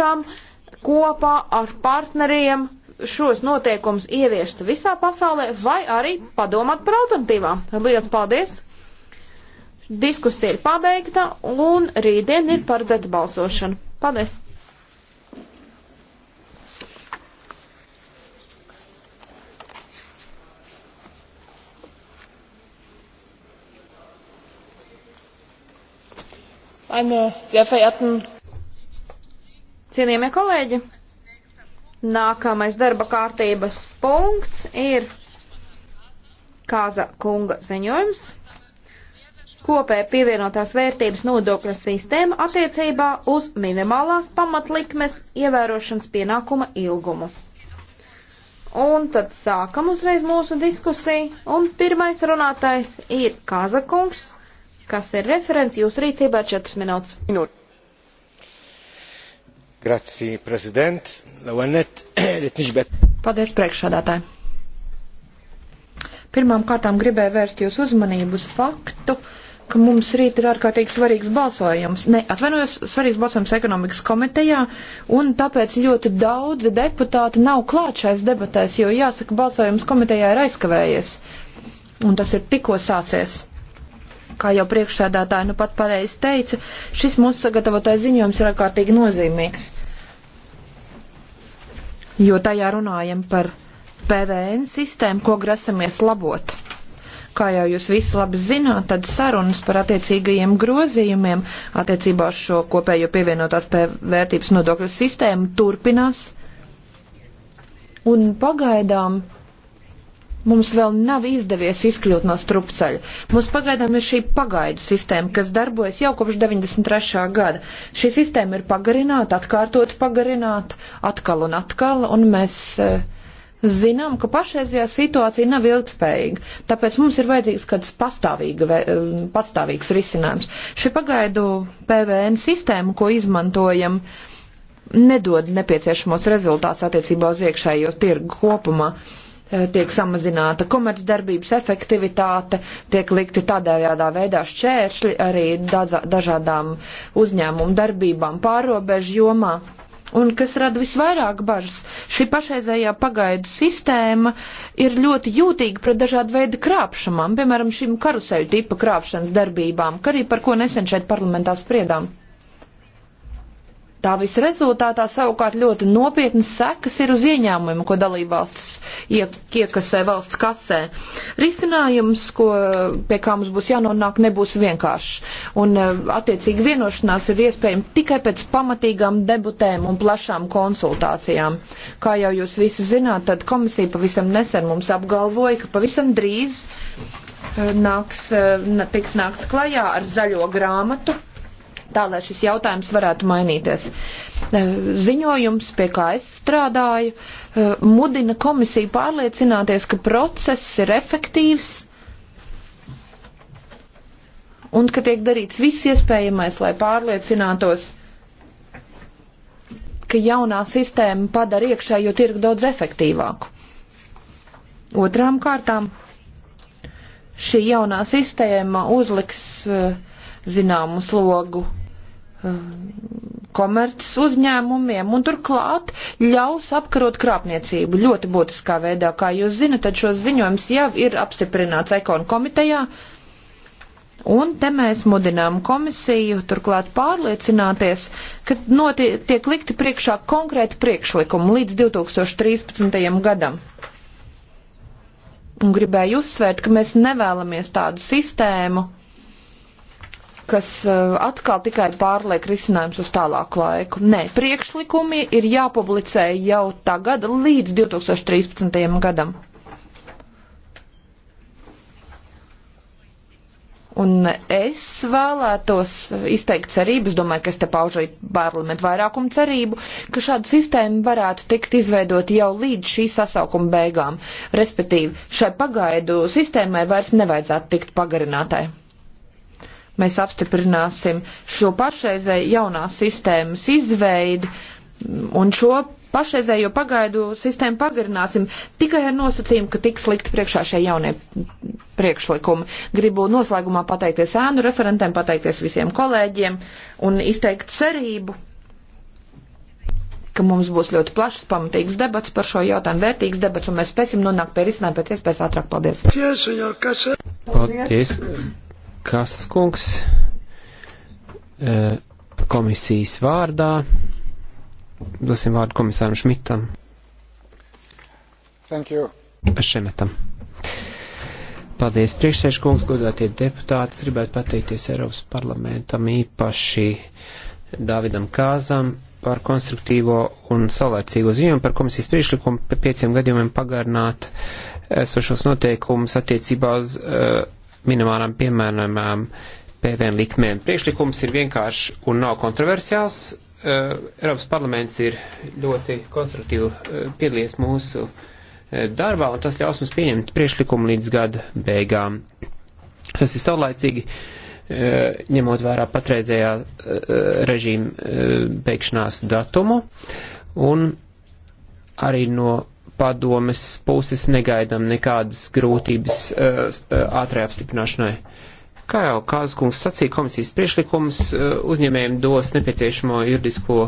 pašam kopā ar partneriem šos noteikumus ieviest visā pasaulē vai arī padomāt par alternatīvām. Liels paldies! Diskusija ir pabeigta un rītdien ir paredzēta balsošana. Paldies! Meine sehr verehrten Cienījamie kolēģi, nākamais darba kārtības punkts ir Kāza kunga ziņojums. Kopēja pievienotās vērtības nodokļa sistēma attiecībā uz minimālās pamatlikmes ievērošanas pienākuma ilgumu. Un tad sākam uzreiz mūsu diskusiju, un pirmais runātājs ir Kazakungs, kas ir referents jūsu rīcībā 4 minūtes. Minūte. Grazie, prezident. Leonet, Ritnišbet. Eh, Paldies, priekšsādātāji. Pirmām kārtām gribēju vērst jūs uzmanību uz faktu, ka mums rīt ir ārkārtīgi svarīgs balsojums. Ne, atvainojos, svarīgs balsojums ekonomikas komitejā, un tāpēc ļoti daudzi deputāti nav klāt šais debatēs, jo jāsaka, balsojums komitejā ir aizkavējies. Un tas ir tikko sācies kā jau priekšsēdētāji nu pat pareizi teica, šis mūsu sagatavotais ziņojums ir ārkārtīgi nozīmīgs, jo tajā runājam par PVN sistēmu, ko grasamies labot. Kā jau jūs visi labi zināt, tad sarunas par attiecīgajiem grozījumiem attiecībā uz šo kopējo pievienotās vērtības nodokļu sistēmu turpinās. Un pagaidām Mums vēl nav izdevies izkļūt no strupceļa. Mums pagaidām ir šī pagaidu sistēma, kas darbojas jau kopš 93. gada. Šī sistēma ir pagarināta, atkārtot pagarināta, atkal un atkal, un mēs eh, zinām, ka pašreizajā situācija nav ilgspējīga. Tāpēc mums ir vajadzīgs kāds eh, pastāvīgs risinājums. Šī pagaidu PVN sistēma, ko izmantojam, nedod nepieciešamos rezultātus attiecībā uz iekšējo tirgu kopumā. Uh, Eh, tiek samazināta komercdarbības efektivitāte, tiek likti tādējādā veidā šķēršļi arī dažādām uzņēmumu darbībām pārobežu jomā. Un kas rada visvairāk bažas, šī pašreizējā pagaidu sistēma ir ļoti jūtīga pret dažādu veidu krāpšanām, piemēram, šīm karuseļu tipa krāpšanas darbībām, kā arī par ko nesen šeit parlamentā spriedām. Tā visa rezultātā savukārt ļoti nopietnas sekas ir uz ieņēmumiem, ko dalībvalstis iekasē valsts kasē. Risinājums, ko, pie kā mums būs jānonāk, nebūs vienkāršs. Un e, attiecīgi vienošanās ir iespējama tikai pēc pamatīgām debutēm un plašām konsultācijām. Kā jau jūs visi zināt, tad komisija pavisam nesen mums apgalvoja, ka pavisam drīz e, nāks, e, tiks nākts klajā ar zaļo grāmatu tā lai šis jautājums varētu mainīties. Eh, ziņojums, pie kā es strādāju, eh, mudina komisiju pārliecināties, ka process ir efektīvs un ka tiek darīts viss iespējamais, lai pārliecinātos, ka jaunā sistēma padara iekšējo tirgu daudz efektīvāku. Otrām kārtām šī jaunā sistēma uzliks eh, zināmu slogu Um, komerces uzņēmumiem un turklāt ļaus apkarot krāpniecību ļoti būtiskā veidā. Kā jūs zinat, tad šos ziņojums jau ir apstiprināts ekonu komitejā. Un te mēs mudinām komisiju turklāt pārliecināties, ka notiek likti priekšā konkrēti priekšlikumi līdz 2013. gadam. Un gribēju uzsvērt, ka mēs nevēlamies tādu sistēmu, kas eh, atkal tikai pārliek risinājums uz tālāku laiku. Nē, priekšlikumi ir jāpublicē jau tagad līdz 2013. gadam. Un es vēlētos izteikt cerību, es domāju, ka es te paužu parlamentu vairākumu cerību, ka šāda sistēma varētu tikt izveidot jau līdz šī sasaukuma beigām. Respektīvi, šai pagaidu sistēmai vairs nevajadzētu tikt pagarinātai. Mēs apstiprināsim šo pašreizēju jaunās sistēmas izveidi un šo pašreizējo pagaidu sistēmu pagarināsim tikai ar nosacījumu, ka tiks likt priekšā šie jaunie priekšlikumi. Gribu noslēgumā pateikties ēnu referentiem, pateikties visiem kolēģiem un izteikt cerību, ka mums būs ļoti plašs, pamatīgs debats par šo jautājumu, vērtīgs debats, un mēs spēsim nonākt pie risinājuma pēc iespējas ātrāk. Paldies! Paldies! Kasas kungs eh, komisijas vārdā. Dosim vārdu komisāram Šmitam. Thank you. Šemetam. Paldies, priekšsēžkungs, godātie deputāti. Es gribētu pateikties Eiropas parlamentam īpaši Davidam Kāzam par konstruktīvo un saulēcīgo ziņojumu par komisijas priekšlikumu pie pieciem gadījumiem pagarināt esošos noteikumus attiecībā uz uh, minimālām piemērojumām PVN likmēm. Priekšlikums ir vienkāršs un nav kontroversiāls. Uh, Eiropas parlaments ir ļoti konstruktīvi uh, piedalījies mūsu uh, darbā, un tas ļaus mums pieņemt priekšlikumu līdz gada beigām. Tas ir saulaicīgi, ņemot vērā patreizējā režīma beigšanās datumu, un arī no padomes puses negaidām nekādas grūtības uh, ātrai apstiprināšanai. Kā jau Kāzkungs sacīja, komisijas priešlikums uh, uzņēmējiem dos nepieciešamo juridisko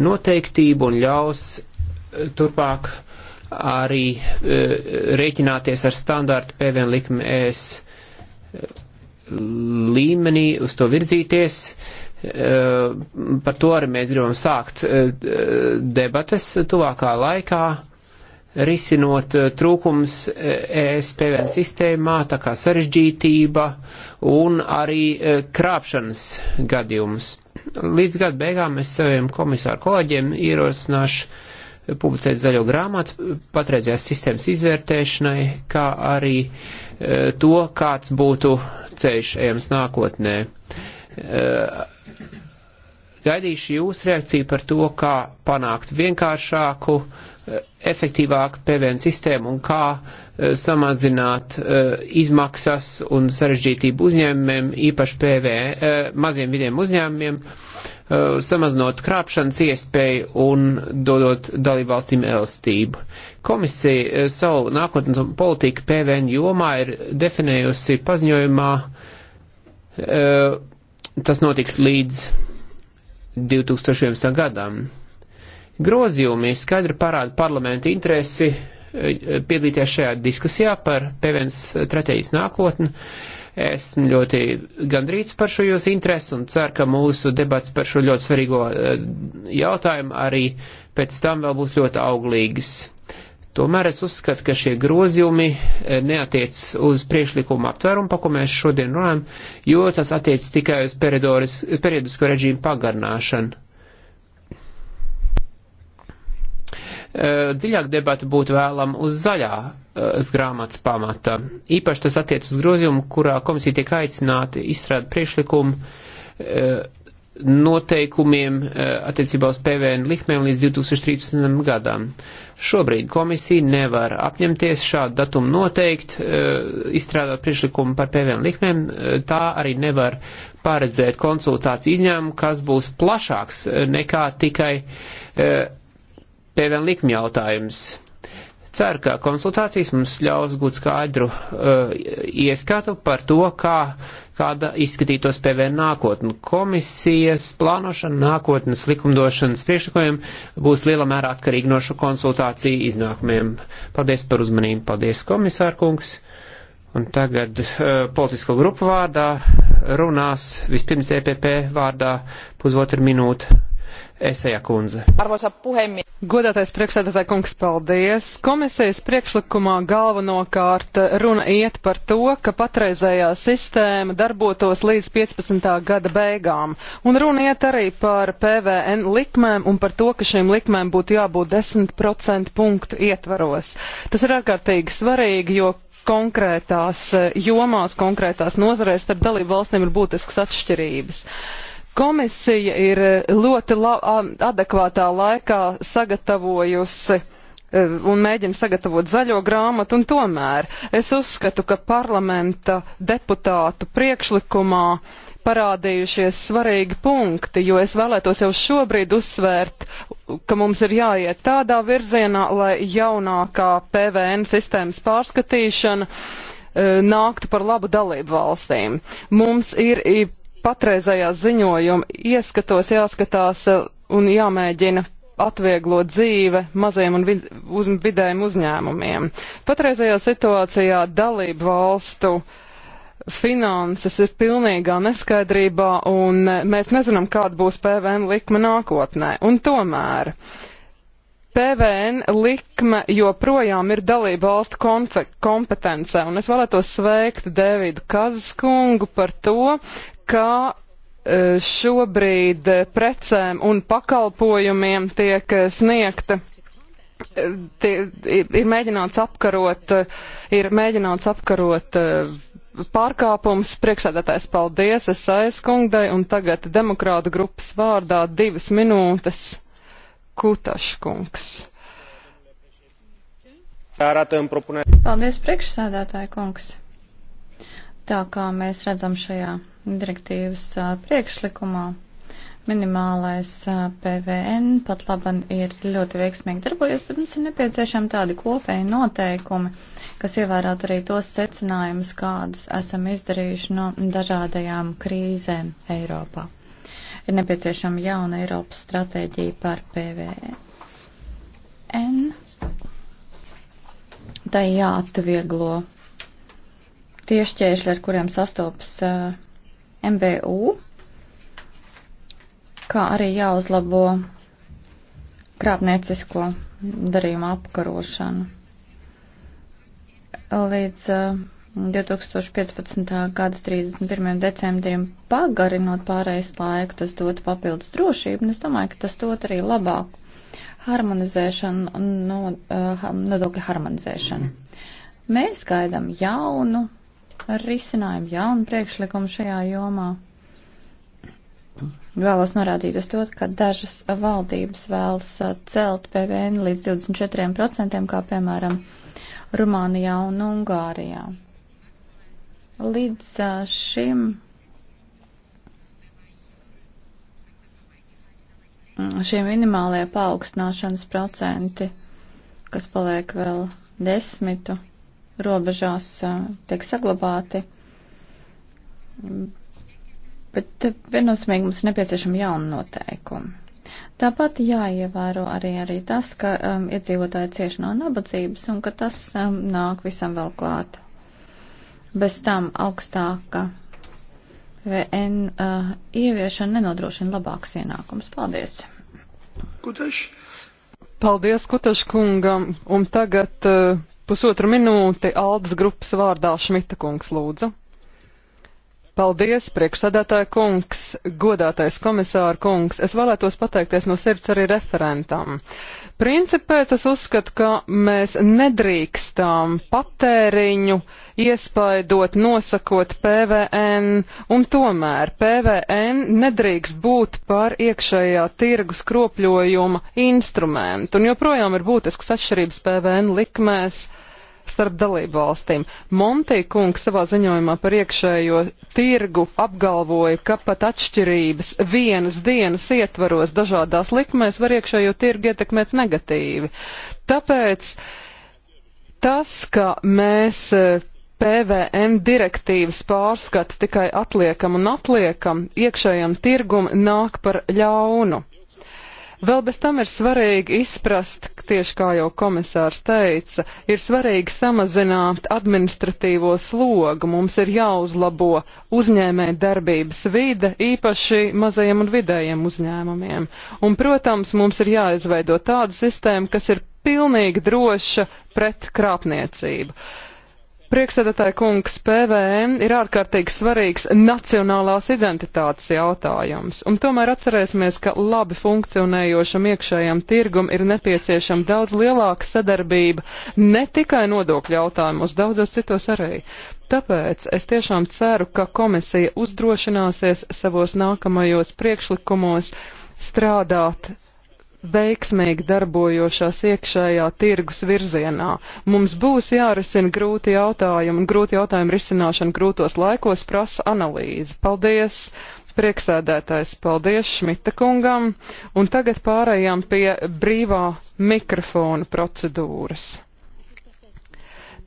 noteiktību un ļaus uh, turpāk arī uh, rēķināties ar standārtu PVN likmi ES līmenī, uz to virzīties. Uh, par to arī mēs gribam sākt debates tuvākā laikā, risinot eh, trūkums ES eh, e PVN sistēmā, tā kā sarežģītība un arī eh, krāpšanas gadījums. Līdz gada beigām es saviem komisāru kolēģiem ierosināšu publicēt zaļo grāmatu patreizējās sistēmas izvērtēšanai, kā arī to, kāds būtu ceļš ejams nākotnē. Gaidīšu jūsu reakciju par to, kā panākt vienkāršāku, efektīvāku PVN sistēmu un kā eh, samazināt eh, izmaksas un sarežģītību uzņēmumiem, īpaši PVN, eh, maziem vidiem uzņēmumiem, samazinot krāpšanas iespēju un dodot dalībvalstīm elastību. Komisija savu nākotnes politiku PVN jomā ir definējusi paziņojumā, tas notiks līdz 2011. gadam Grozījumi skaidri parāda parlamentu interesi eh, piedalīties šajā diskusijā par PVN strateģijas nākotni. Esmu ļoti gandrīz par šo jūsu interesi un ceru, ka mūsu debats par šo ļoti svarīgo eh, jautājumu arī pēc tam vēl būs ļoti auglīgas. Tomēr es uzskatu, ka šie grozījumi eh, neatiec uz priekšlikumu aptvērumu, pa ko mēs šodien runājam, jo tas attiec tikai uz periodisko režīmu pagarnāšanu Eh, dziļāk debata būtu vēlama uz zaļā eh, grāmatas pamata. Īpaši tas attiec uz grozījumu, kurā komisija tiek aicināta izstrādāt priekšlikumu eh, noteikumiem attiecībā uz PVN likmēm līdz 2013. gadam. Šobrīd komisija nevar apņemties šādu datumu noteikt, izstrādāt priekšlikumu par PVN likmēm, tā arī nevar paredzēt konsultāciju izņēmumu, kas būs plašāks nekā tikai PVN likmi jautājums. Ceru, ka konsultācijas mums ļaus gūt skaidru uh, ieskatu par to, kā, kāda izskatītos PVN nākotne. Komisijas plānošana nākotnes likumdošanas priekšlikumiem būs lielā mērā atkarīga no šo konsultāciju iznākumiem. Paldies par uzmanību, paldies komisārkungs. Un tagad uh, politisko grupu vārdā runās vispirms EPP vārdā pusotru minūtu Esēja kundze. Arvoisa puhemies. Godātais priekšsēdētāj kungs, paldies. Komisijas priekšlikumā galvenokārt runa iet par to, ka patreizējā sistēma darbotos līdz 15. gada beigām. Un runa iet arī par PVN likmēm un par to, ka šīm likmēm būtu jābūt 10% punktu ietvaros. Tas ir ārkārtīgi svarīgi, jo konkrētās eh, jomās, konkrētās nozarēs starp dalību valstīm ir būtiskas atšķirības. Uh, Komisija ir eh, ļoti la adekvātā laikā sagatavojusi eh, un mēģina sagatavot zaļo grāmatu, un tomēr es uzskatu, ka parlamenta deputātu priekšlikumā parādījušies svarīgi punkti, jo es vēlētos jau šobrīd uzsvērt, ka mums ir jāiet tādā virzienā, lai jaunākā PVN sistēmas pārskatīšana eh, nāktu par labu dalību valstīm. Mums ir patreizajā ziņojuma ieskatos jāskatās eh, un jāmēģina atvieglot dzīve maziem un vid uz vidējiem uzņēmumiem. Patreizajā situācijā dalību valstu finanses ir pilnīgā neskaidrībā un eh, mēs nezinām, kāda būs PVN likme nākotnē. Un tomēr PVN likme joprojām ir dalība valstu kompetencē, un es vēlētos sveikt Dēvidu Kazaskungu par to, ka e, šobrīd precēm un pakalpojumiem tiek e, sniegta. E, tie, ir mēģināts apkarot, ir mēģināts apkarot pārkāpums. Priekšsēdētājs paldies, es aizkungdai, un tagad demokrāta grupas vārdā divas minūtes Kutaškungs. Paldies, priekšsēdētāja kungs. Tā kā mēs redzam šajā direktīvas priekšlikumā minimālais PVN pat laban ir ļoti veiksmīgi darbojies, bet mums ir nepieciešami tādi kopēji noteikumi, kas ievērātu arī tos secinājumus, kādus esam izdarījuši no dažādajām krīzēm Eiropā. Ir nepieciešama jauna Eiropas stratēģija par PVN. Tā jāatvieglo tie šķēršļi, ar kuriem sastopas uh, MBU, kā arī jāuzlabo krāpniecisko darījumu apkarošanu. Līdz uh, 2015. gada 31. decembrim pagarinot pārējais laiku, tas dod papildus drošību, un es domāju, ka tas dod arī labāku harmonizēšanu, no, uh, nodokļu harmonizēšanu. Mēs gaidām jaunu risinājumu, jaunu priekšlikumu šajā jomā. Vēlos norādīt uz to, ka dažas valdības vēlas uh, celt PVN līdz 24%, kā piemēram Rumānijā un Ungārijā. Līdz uh, šim mm, šie minimālie paaugstināšanas procenti, kas paliek vēl desmitu robežās tiek saglabāti. Bet viennozīmīgi mums ir nepieciešama jauna noteikuma. Tāpat jāievēro arī, arī tas, ka um, iedzīvotāji cieši no nabadzības un ka tas um, nāk visam vēl klāt. Bez tam augstāka VN uh, ieviešana nenodrošina labāks ienākums. Paldies! Kutaš. Paldies Kutaškungam! Un tagad uh, Pusotra minūte Aldas grupas vārdā Šmita kungs lūdzu. Paldies, priekšsādātāja kungs, godātais komisāra kungs. Es vēlētos pateikties no sirds arī referentam. Principēc es uzskatu, ka mēs nedrīkstām patēriņu iespaidot, nosakot PVN, un tomēr PVN nedrīkst būt par iekšējā tirgus kropļojuma instrumentu, un joprojām ir būtisks atšķirības PVN likmēs starp dalību valstīm. Monti kungs savā ziņojumā par iekšējo tirgu apgalvoja, ka pat atšķirības vienas dienas ietvaros dažādās likmēs var iekšējo tirgu ietekmēt negatīvi. Tāpēc tas, ka mēs e, PVN direktīvas pārskats tikai atliekam un atliekam, iekšējam tirgum nāk par ļaunu. Vēl bez tam ir svarīgi izprast, tieši kā jau komisārs teica, ir svarīgi samazināt administratīvo slogu. Mums ir jāuzlabo uzņēmē darbības vide, īpaši mazajiem un vidējiem uzņēmumiem. Un, protams, mums ir jāizveido tāda sistēma, kas ir pilnīgi droša pret krāpniecību. Priekšsēdētāja kungs, PVN ir ārkārtīgi svarīgs nacionālās identitātes jautājums, un tomēr atcerēsimies, ka labi funkcionējošam iekšējam tirgum ir nepieciešama daudz lielāka sadarbība, ne tikai nodokļu jautājumos, daudzos citos arī. Tāpēc es tiešām ceru, ka komisija uzdrošināsies savos nākamajos priekšlikumos strādāt veiksmīgi darbojošās iekšējā tirgus virzienā. Mums būs jārisina grūti jautājumi, un grūti jautājumu risināšana grūtos laikos prasa analīzi. Paldies! Prieksēdētājs, paldies Šmita kungam, un tagad pārējām pie brīvā mikrofona procedūras.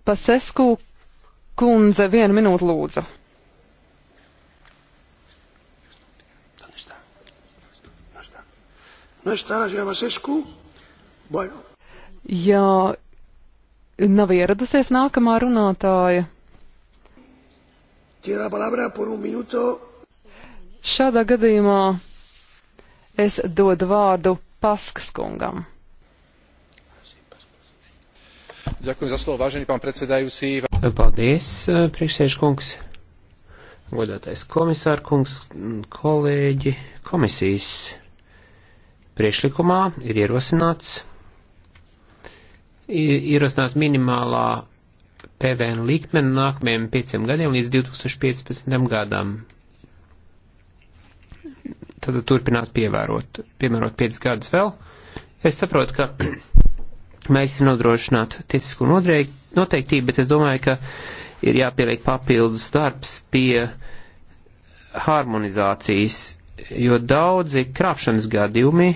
Pasesku kundze, vienu minūtu lūdzu. ¿No está la señora Basescu? Bueno. Jā, nav ieradusies nākamā runātāja. Tiene la palabra por un minuto. Šādā gadījumā es dodu vārdu Paskas kungam. Ďakujem za slovo, vážený pán predsedajúci. Paldies, priekšsēžkungs, godātais komisārkungs, kolēģi, komisijas Priešlikumā ir ierosināts, ir ierosināt minimālā PVN likmeni nākamajiem pieciem gadiem līdz 2015. gadam. Tad turpināt pievērot, piemērot 5 gadus vēl. Es saprotu, ka mēs ir nodrošināt tiesisko noteiktību, bet es domāju, ka ir jāpieliek papildus darbs pie harmonizācijas jo daudzi krāpšanas gadījumi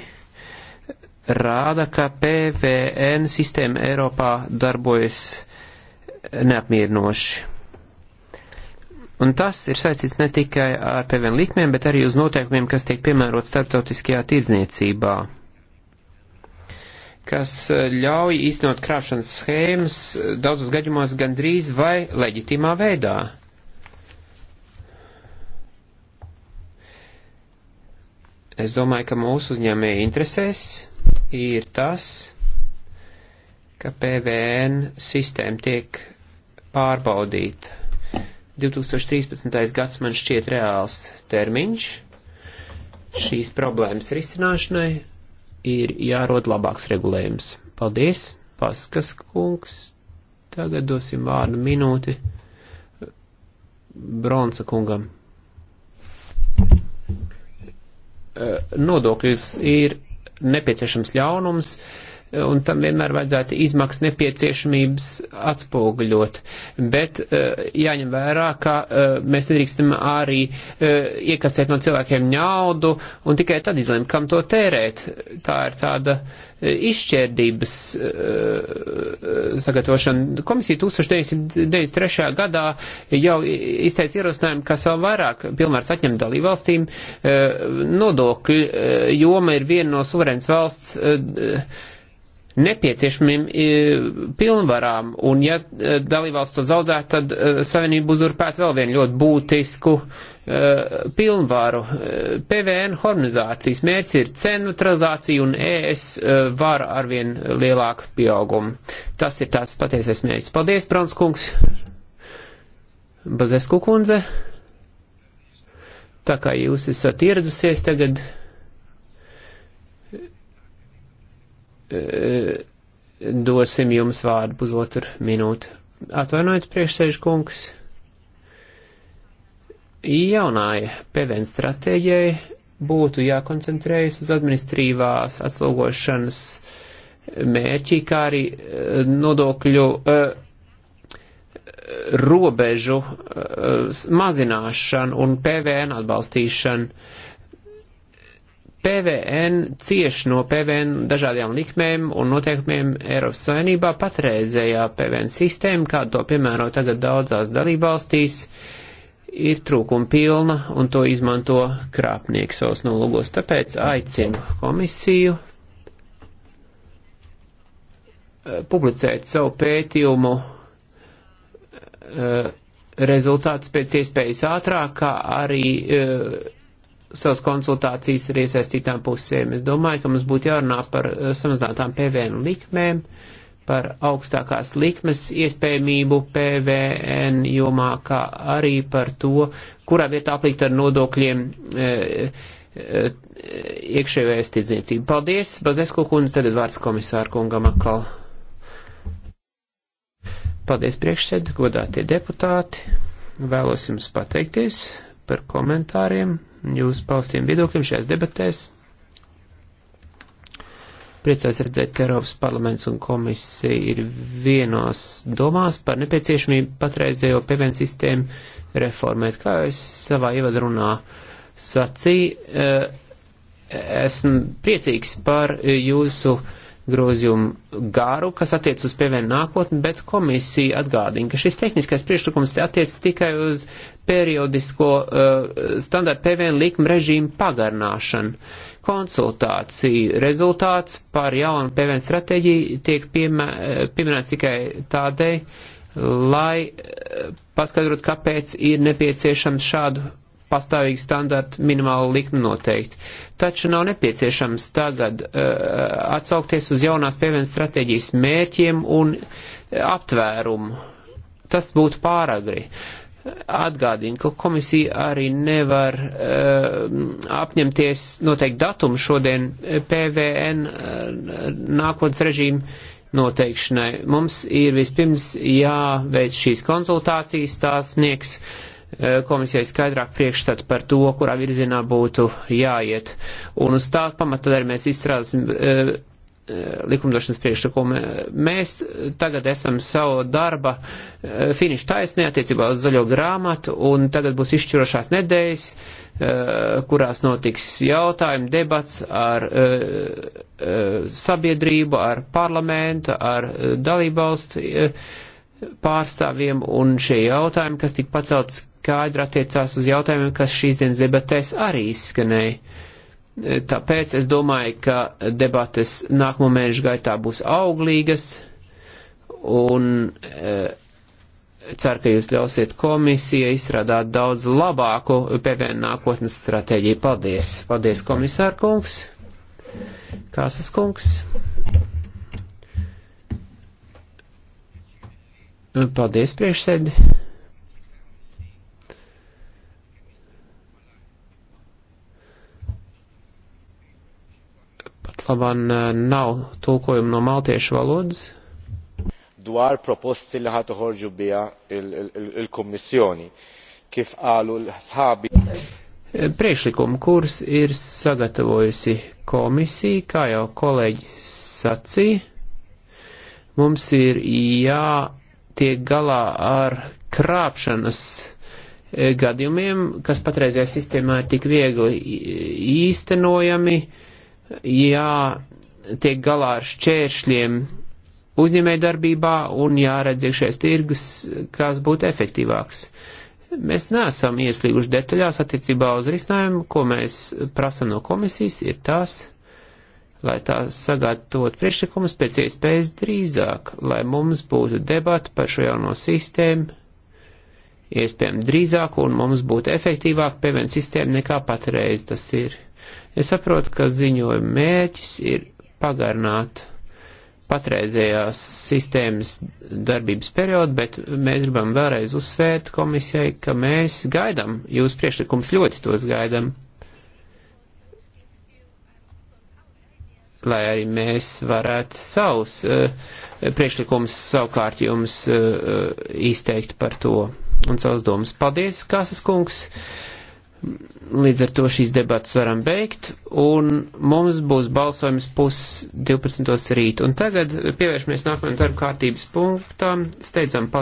rāda, ka PVN sistēma Eiropā darbojas neapmierinoši. Un tas ir saistīts ne tikai ar PVN likmēm, bet arī uz noteikumiem, kas tiek piemērot starptautiskajā tirdzniecībā, kas ļauj īstenot krāpšanas schēmas daudzos gadījumos gandrīz vai leģitimā veidā. Es domāju, ka mūsu uzņēmēja interesēs ir tas, ka PVN sistēma tiek pārbaudīta. 2013. gads man šķiet reāls termiņš. Šīs problēmas risināšanai ir jārod labāks regulējums. Paldies, Paskas kungs. Tagad dosim vārdu minūti Bronsa kungam. Eh, nodokļus ir nepieciešams ļaunums, uh, un tam vienmēr vajadzētu izmaksas nepieciešamības atspoguļot. Bet eh, jāņem vērā, ka eh, mēs nedrīkstam arī eh, iekasēt no cilvēkiem naudu un tikai tad izlemt, kam to tērēt. Tā ir tāda izšķērdības sagatavošana. Komisija 1993. gadā jau izteica ierosinājumu, kas vēl vairāk pilnvars atņem dalībvalstīm. Nodokļu joma ir viena no suverēnas valsts nepieciešamiem e, pilnvarām, un ja e, dalībvalsts to zaudē, tad e, Savienība uzurpēt vēl vienu ļoti būtisku pilnvaru. PVN harmonizācijas mērķis ir cenu neutralizācija un ES var arvien lielāku pieaugumu. Tas ir tās patiesais mērķis. Paldies, Bronskungs! Bazesku kundze! Tā kā jūs esat ieradusies tagad. Eh, dosim jums vārdu pusotru minūtu. Atvainojiet, priekšsēžu kungs. Jaunai PVN stratēģijai būtu jākoncentrējas uz administrīvās atslūgošanas mērķī, kā arī eh, nodokļu uh, robežu uh, mazināšanu un PVN atbalstīšanu. PVN cieš no PVN dažādajām likmēm un noteikumiem Eiropas Savienībā patreizējā PVN sistēma, kā to piemēro tagad daudzās dalībvalstīs, ir trūkuma pilna un to izmanto krāpnieks savos nolūgos. Tāpēc aicinu komisiju eh, publicēt savu pētījumu eh, rezultātus pēc iespējas ātrāk, kā arī eh, savas konsultācijas ar iesaistītām pusēm. Es domāju, ka mums būtu jārunā par eh, samazinātām PVN likmēm, par augstākās likmes iespējamību PVN jomā, kā arī par to, kurā vietā aplikt ar nodokļiem e, e, iekšējais tirdzniecība. Paldies, Bazesko kundze, tad vārds komisāru kungam atkal. Paldies priekšsēd, godātie deputāti. Vēlos jums pateikties par komentāriem, jūsu paustiem viedokļiem šajās debatēs. Priecājos redzēt, ka Eiropas parlaments un komisija ir vienos domās par nepieciešamību patreizējo PVN sistēmu reformēt. Kā es savā ievadrunā sacīju, eh, esmu priecīgs par jūsu uh, grozījumu gāru, kas attiec uz PVN nākotni, bet komisija atgādina, ka šis tehniskais priekšlikums te attiec tikai uz periodisko uh, standarta PVN likuma režīmu pagarnāšanu. Konsultāciju rezultāts par jaunu PVN stratēģiju tiek piemē, uh, pieminēts tikai tādēļ, lai uh, paskaidrot, kāpēc ir nepieciešams šādu pastāvīgi standarti minimālu likmi noteikti. Taču nav nepieciešams tagad uh, atsaukties uz jaunās pievienas stratēģijas mērķiem un aptvērumu. Tas būtu pāragri. Atgādinu, ka komisija arī nevar uh, apņemties noteikt datumu šodien uh, PVN uh, nākotnes režīmu noteikšanai. Mums ir vispirms jāveic šīs konsultācijas, tās sniegs uh, Eh, komisijai skaidrāk priekšstatu par to, kurā virzienā būtu jāiet. Un uz tā pamata arī mēs izstrādāsim eh, eh, likumdošanas priekšlikumu. Mēs tagad esam savu darba finišu taisnē attiecībā uz zaļo grāmatu, un tagad būs izšķirošās nedēļas, kurās notiks jautājumi, debats ar sabiedrību, ar parlamentu, ar dalībvalstu pārstāvjiem, un šie jautājumi, kas tik pacelt skaidri attiecās uz jautājumiem, kas šīs dienas debatēs arī izskanēja. E, tāpēc es domāju, ka debates nākamo mēnešu gaitā būs auglīgas, un e, ceru, ka jūs ļausiet komisija izstrādāt daudz labāku PVN nākotnes stratēģiju. Paldies! Paldies, komisārkungs! Kāsas kungs! Nu, paldies, priekšsēdi. Pat labāk nav tulkojumu no maltiešu valodas. Dwar proposti li ħatu ħorġu bija il-Kommissjoni, kif qalu l-sħabi. Priekšlikumu kurs ir sagatavojusi komisija, kā jau kolēģi sacīja, mums ir jā. Ja tiek galā ar krāpšanas eh, gadījumiem, kas patreizajā sistēmā ir tik viegli īstenojami, jā, tiek galā ar šķēršļiem uzņēmēja darbībā un jāredz iekšējais tirgus, kas būtu efektīvāks. Mēs neesam ieslīguši detaļās attiecībā uz risinājumu, ko mēs prasam no komisijas, ir tas, lai tā sagatavot priekšlikumus pēc iespējas drīzāk, lai mums būtu debata par šo jauno sistēmu, iespējami drīzāk un mums būtu efektīvāk PVN sistēma nekā patreiz tas ir. Es saprotu, ka ziņojuma mērķis ir pagarināt patreizējās sistēmas darbības periodu, bet mēs gribam vēlreiz uzsvērt komisijai, ka mēs gaidam, jūs priekšlikums ļoti tos gaidam lai arī mēs varētu savus uh, priekšlikumus savukārt jums uh, izteikt par to un savus domas. Paldies, Kāsas kungs! Līdz ar to šīs debatas varam beigt, un mums būs balsojums pus 12. rīt. Un tagad pievēršamies nākamajam darba kārtības punktam. Steidzam, paldies!